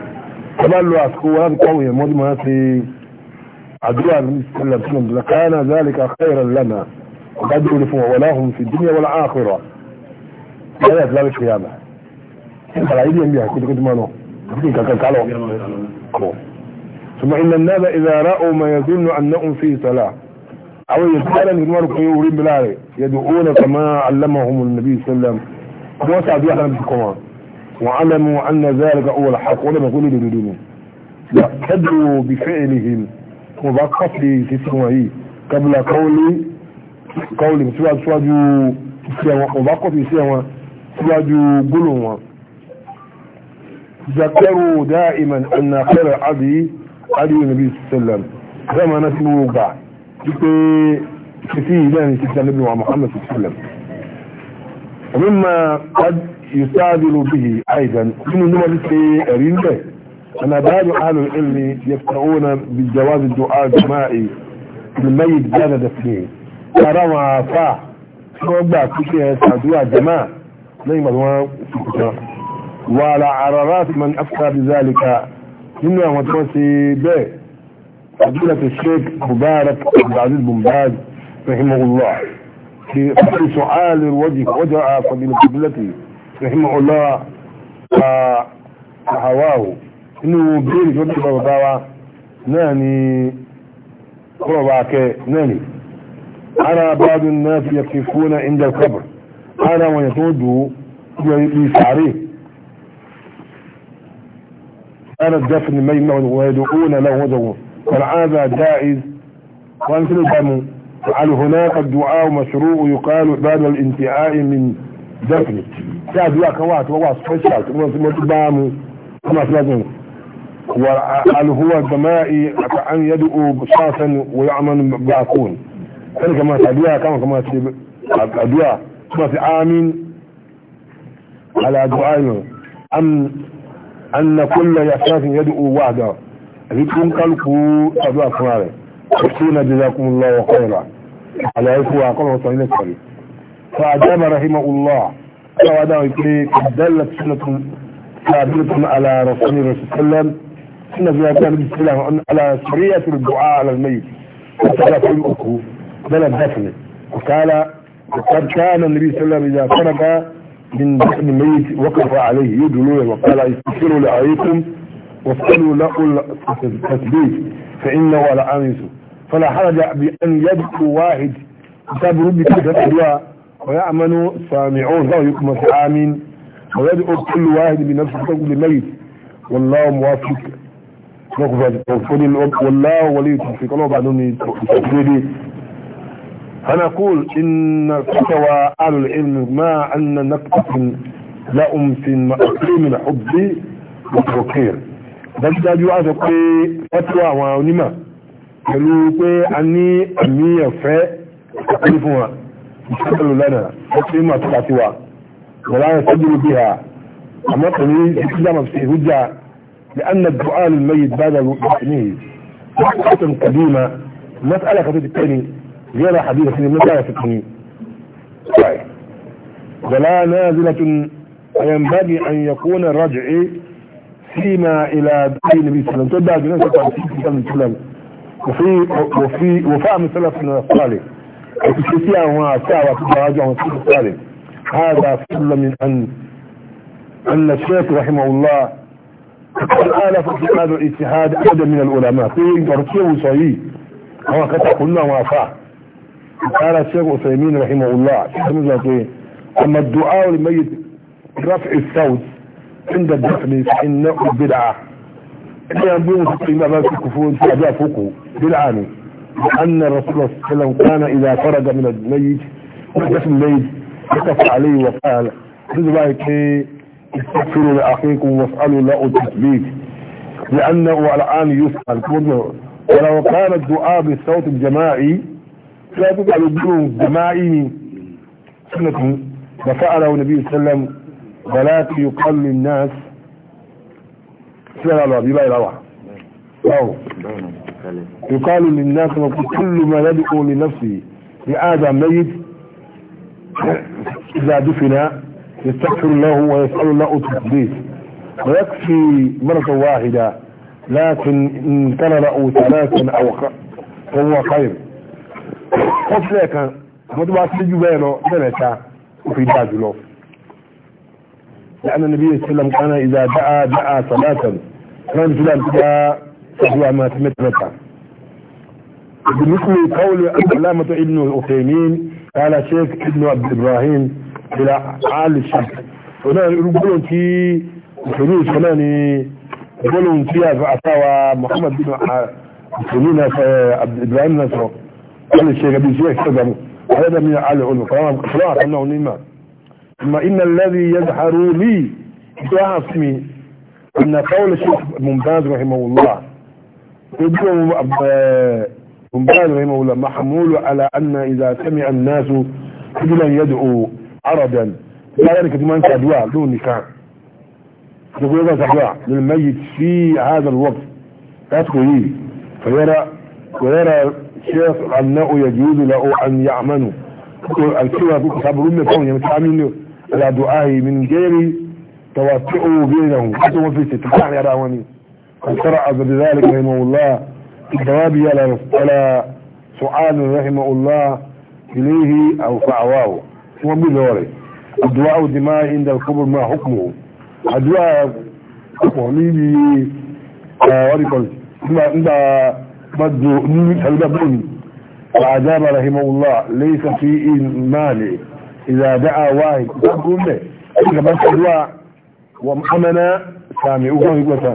قبل له أسكوات قوية مضمى في عدوى وسلم لكان ذلك خيرا لنا وقد يلفوا ولاهم في الدنيا والآخرة lẹ́yìn àti lábẹ́ kìíyàmà nígbàrá ilé ẹ̀mí àkójúkójú máa nọ àti kankan kálọ̀ kọ̀ ṣùgbọ́n ilẹ̀ náà ìdára ọmọ yẹ̀dún nù annáhùn fi ìsàlá àwọn yẹ̀dún náà ní ìdúnmọ́rù pé orí ń bilá rẹ̀ yẹ̀dù ó na kama alama homer nabi sallam wọ́n sàbí àtàn ti kọ́ wọn wọn alamu an na zara ga owó alhaq wọn dama kúlẹ̀ dodo ne da kadu bi fa'ilihim mo ba kafi sisi wọn yìí kabla kawli kawli síwájú síwájú sí àwọn mo ba kafi sí àwọn síwájú gbólóhùn wọn zakaru da'iman anna khayra adi adi nabi sallam zama na fi gbà wípé fífi ilẹ̀ ní محمد níbi wa muhammad sallam ومما قد يستعدل به ايضا من نمر في رنده انا بعض اهل العلم يفتعون بالجواز الدعاء الجماعي للميت بعد دفنه فروى فا وبا كيكي يستعدوا جماعه ني نعم، مروان ولا عررات من افتى بذلك ان هو به ب الشيخ مبارك عبد العزيز بن باز رحمه الله في سؤال وجه ودعا قبيلة قبلتي رحمه الله آه، فهواه انه بيري شو بيري بابا ناني قرباك ناني انا بعض الناس يقفون عند القبر هذا ما يتود لسعره أنا الدفن ميمة ويدعون له دعوة فالعاذا جائز وأنت لدعم على هناك الدعاء مشروع يقال بعد الانتهاء من دفن كاد لك وقت وقت فشلت وانت لدعم كما سلدعم هو الجمائي أن يدعو بشاطا ويعمل بعقون كما سلدعم كما سلدعم خطبة عام على دعائنا أم أن كل يحساس يدعو وحده لكم قلقوا أبو أفراره يكون جزاكم الله خيرا على إخوة أقوله صحيح الكريم فأجاب رحمه الله فأجاب قد دلت سنة ثابتة على رسول الله صلى الله عليه وسلم سنة فيها كان بسلام على سرية الدعاء على الميت وتلافي الأخوة بلد دفنه وقال وقد كان النبي صلى الله عليه وسلم إذا فرغ من دفن ميت وقف عليه يدلوه وقال استغفروا لعيكم واسألوا له التثبيت فإنه على آنسه فلا حرج بأن يدعو واحد كتاب ربي كتاب ويأمنوا سامعون له يكمس آمين ويدعو كل واحد بنفسه كل ميت والله موافق والله ولي توفيق الله بعدني فنقول إن فتوى اهل العلم ما أن نقطة لأم في مأقيم الحب والفقير بل دا جواز قي فتوى ونما قالوا أني أمي فاء أقلفها يشكل لنا فتوى ما ولا يتجر بها أما قلوا إسلام في هجة لأن الدعاء للميت بعد الوقت مئة قديمة مسألة قصيدة التاني غير حديث في المسألة التكنين طيب ولا نازلة ينبغي أن يكون الرجع فيما إلى دين النبي صلى الله عليه وسلم تدعى صلى الله عليه وفي وفي وفهم السلف من الصالح وتشتيا وعسى من وسيد الصالح هذا فضل من أن أن الشيخ رحمه الله قد آلف في هذا الاجتهاد أحد من العلماء في ترتيب صحيح هو قد قلنا وعفاه قال الشيخ عثيمين رحمه الله أما الدعاء للميت رفع الصوت عند الدفن فإنه بدعة إلا ينبيه تقيمة بس الكفور في أداء فوقه بالعاني لأن الرسول صلى الله عليه وسلم كان إذا خرج من الميت ودفن الميت وقف عليه وقال بذلك استغفروا لأخيكم واسألوا له التثبيت لأنه الآن يسأل ولو كان الدعاء بالصوت الجماعي لا تجعل الدين جماعي سنة وفعله النبي صلى الله عليه وسلم ولكن يقل للناس سنة الله بما يروح أو يقال للناس كل ما يدعو لنفسه لآذى ميت إذا دفن يستغفر الله ويسأل الله التقديس ويكفي مرة واحدة لكن إن كان له ثلاثة أو فهو خير wọ́n fi lẹ́ẹ̀kan àwọn tó bá sí jù bẹ́ẹ̀ lọ bẹ́ẹ̀ ta ó fi dáa jùlọ. لأن النبي صلى الله عليه وسلم كان إذا دعا دعا صلاة كان سلام تدعى فهو ما تمت متى بمثل قول علامة ابن الأثيمين قال شيخ ابن عبد إبراهيم إلى عال الشيخ هنا يقولون في الحروج هنا يقولون فيها فأتاوى محمد بن عثيمين عبد إبراهيم نصره قال الشيخ ابي زياد صدموا هذا من على العلم كلام اقرار انه الايمان اما ان الذي يظهر لي باسمي ان قول الشيخ ممتاز رحمه الله يقول ممتاز رحمه الله محمول على ان اذا سمع الناس رجلا يدعو عربا لا ذلك كمان ادواء دون نكاح يقول هذا دعاء للميت في هذا الوقت لا تقول فيرى ويرى شيخ أنه يجوز له أن يعمنوا الكوى صبرون فهم يمتعملوا على دعائه من غير توسعوا بينهم حتى في استطلاع يراوني وشرع بذلك رحمه الله الجواب على سؤال رحمه الله إليه أو فعواه ثم بذوره الدعاء الدماء عند الكبر ما حكمه الدعاء حكمه لي ورقل عند بدو البابوني وعذاب رحمه الله ليس في مال إذا دعا واحد يقول له إذا بس الدعاء وامنا سامي وقام يقول تو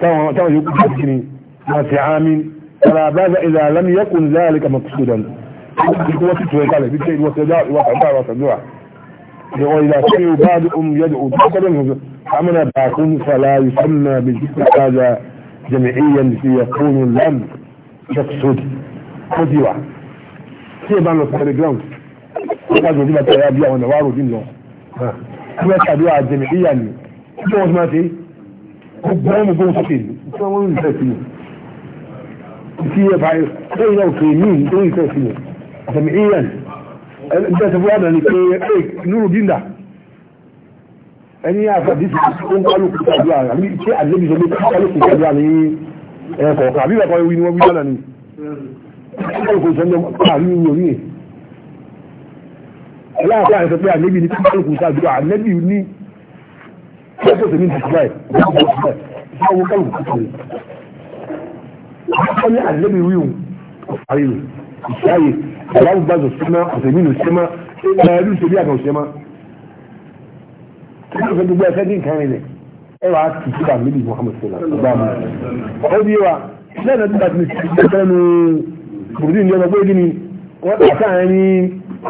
تمام يقول تسكني ما في عام فلا بأس إذا لم يكن ذلك مقصودا وقت وقال في شيء وإذا سمعوا بعضهم يدعو تقدم عمنا فلا يسمى بالجسم هذا جمعيا فيكون الأمر just so ó di wa tí ẹ bá lọ pẹ̀lú ground ó bá jòjì bàtà ẹ̀yà bí àwọn ọ̀nà wa rò bí lọ ẹ bá tàbí wa jẹ̀mẹ̀ ìyá ni ó bí wọ́n ti máa ṣe ó gbọ́ wọn gbọ́ wọn sókè ní tí wọ́n ń fẹ́ sí mi tí ẹ bá ẹ yẹ òkè mí tó ń fẹ́ sí mi àtẹ̀mẹ̀ ìyá ni ẹ bẹ́ẹ̀ sọ fún wa dàní pé ẹ nírú díndà ẹni àfàdísì ó ń tàbí àná ẹ̀kọ̀ àbí ìbẹ̀kọ̀ ewu ni wọ́n wí lọ́nà ni kálukú sọ́nà àrí ní orí ẹ̀ aláàfáà ẹ̀ sọ pé ànẹ́bì ní kálukú sáàdúrà ànẹ́bì ní kálukú sọ́nà ti sílẹ̀ ìwọ̀n kálukú sọ́nà wọ́n ní ànẹ́bì wíwù àrí rẹ̀ ìṣáyè aláàbùbázọ̀ sọ́mà àtẹ̀mínú sọ́mà ẹ̀rú ìṣèlú àkànṣẹ́mà kí ló fẹ́ gbogbo ẹ̀fẹ́ ní nǹkan rẹ̀ ẹ wàá tì sí bàbá níbi Muhammad sọlá ọgbà mi ó bí wa lẹ́nu tí bàbá mi ti ṣe sẹ́nu bùrùdí ní ọmọ pé kí ni wọ́n tà sáà ní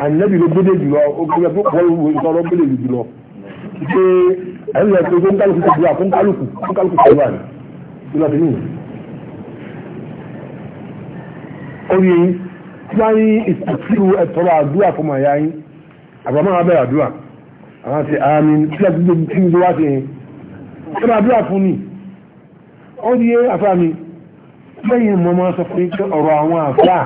ànábì ló gbédè jùlọ ó gbé ọ̀rọ̀ jùlọ pé ẹ̀rù yẹn pé fún kálukú sọ̀rọ̀ fún kálukú fún kálukú sọ̀rọ̀ àná ìlọ sí nìyí. ó yẹ yín tí wọ́n ní ìsìnkú ẹ̀tọ́rọ̀ àdúrà fún màá yá yín àbámọ́ abẹ́rẹ́ àdúrà àwọn àti àmì tí wọ́n ti gbé ẹ̀rọ àdúrà fún ni ó di yé àfáà mi lẹ́yìn mọ́ máa sọ pé ọ̀rọ̀ àwọn àfáà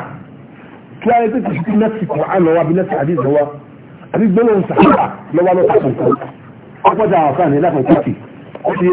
kí á yẹ pé kìí lẹ́sì kọ̀ á lọ́wọ́ àbí lẹ́sì àdí ìlọ́wọ́ àbí gbọ́lọ́hùn sàkóbà lọ́wọ́ lọ́sàkókò ọpọ́jà àfáà ní ẹ̀dá kan kọ́kì ó di yé